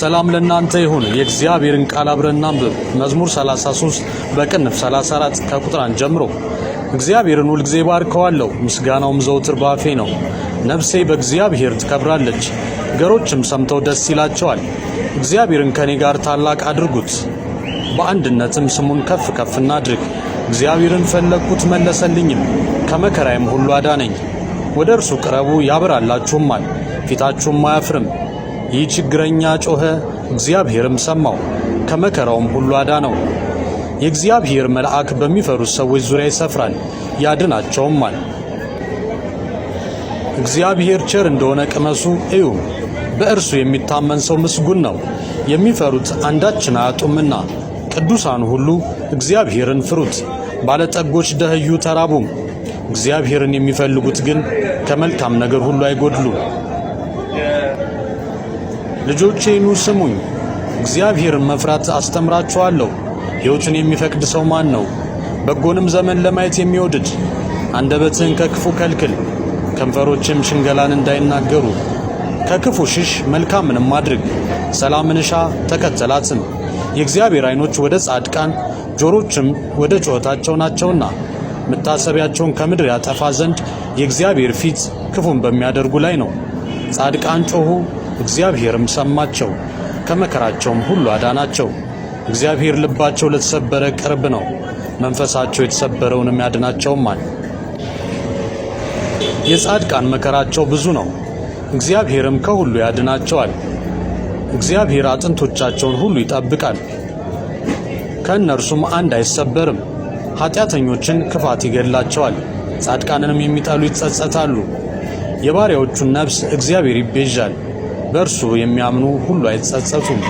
ሰላም ለእናንተ ይሁን። የእግዚአብሔርን ቃል አብረን እናንብብ። መዝሙር 33 በቅንፍ 34 ከቁጥራን ጀምሮ እግዚአብሔርን ሁልጊዜ ባርከዋለሁ፣ ምስጋናውም ዘውትር ባፌ ነው። ነፍሴ በእግዚአብሔር ትከብራለች፣ ገሮችም ሰምተው ደስ ይላቸዋል። እግዚአብሔርን ከእኔ ጋር ታላቅ አድርጉት፣ በአንድነትም ስሙን ከፍ ከፍ እናድርግ። እግዚአብሔርን ፈለግኩት መለሰልኝም፣ ከመከራይም ሁሉ አዳነኝ። ወደ እርሱ ቅረቡ ያበራላችሁማል፣ ፊታችሁም አያፍርም። ይህ ችግረኛ ጮኸ፣ እግዚአብሔርም ሰማው፣ ከመከራውም ሁሉ አዳነው። የእግዚአብሔር መልአክ በሚፈሩት ሰዎች ዙሪያ ይሰፍራል፣ ያድናቸውማል። እግዚአብሔር ቸር እንደሆነ ቅመሱ እዩ። በእርሱ የሚታመን ሰው ምስጉን ነው። የሚፈሩት አንዳችን አያጡምና፣ ቅዱሳን ሁሉ እግዚአብሔርን ፍሩት። ባለጠጎች ደህዩ ተራቡም። እግዚአብሔርን የሚፈልጉት ግን ከመልካም ነገር ሁሉ አይጎድሉም። ልጆቼ ኑ ስሙኝ፣ እግዚአብሔርን መፍራት አስተምራችኋለሁ። ሕይወትን የሚፈቅድ ሰው ማን ነው? በጎንም ዘመን ለማየት የሚወድድ አንደበትህን ከክፉ ከልክል፣ ከንፈሮችም ሽንገላን እንዳይናገሩ። ከክፉ ሽሽ፣ መልካምንም አድርግ። ሰላምን እሻ፣ ተከተላትም። የእግዚአብሔር ዓይኖች ወደ ጻድቃን፣ ጆሮችም ወደ ጩኸታቸው ናቸውና መታሰቢያቸውን ከምድር ያጠፋ ዘንድ የእግዚአብሔር ፊት ክፉን በሚያደርጉ ላይ ነው። ጻድቃን ጮኹ እግዚአብሔርም ሰማቸው፣ ከመከራቸውም ሁሉ አዳናቸው። እግዚአብሔር ልባቸው ለተሰበረ ቅርብ ነው፣ መንፈሳቸው የተሰበረውንም ያድናቸውማል። የጻድቃን መከራቸው ብዙ ነው፣ እግዚአብሔርም ከሁሉ ያድናቸዋል። እግዚአብሔር አጥንቶቻቸውን ሁሉ ይጠብቃል፣ ከእነርሱም አንድ አይሰበርም። ኃጢአተኞችን ክፋት ይገድላቸዋል፣ ጻድቃንንም የሚጠሉ ይጸጸታሉ። የባሪያዎቹን ነፍስ እግዚአብሔር ይቤዣል። በእርሱ የሚያምኑ ሁሉ አይጸጸቱም።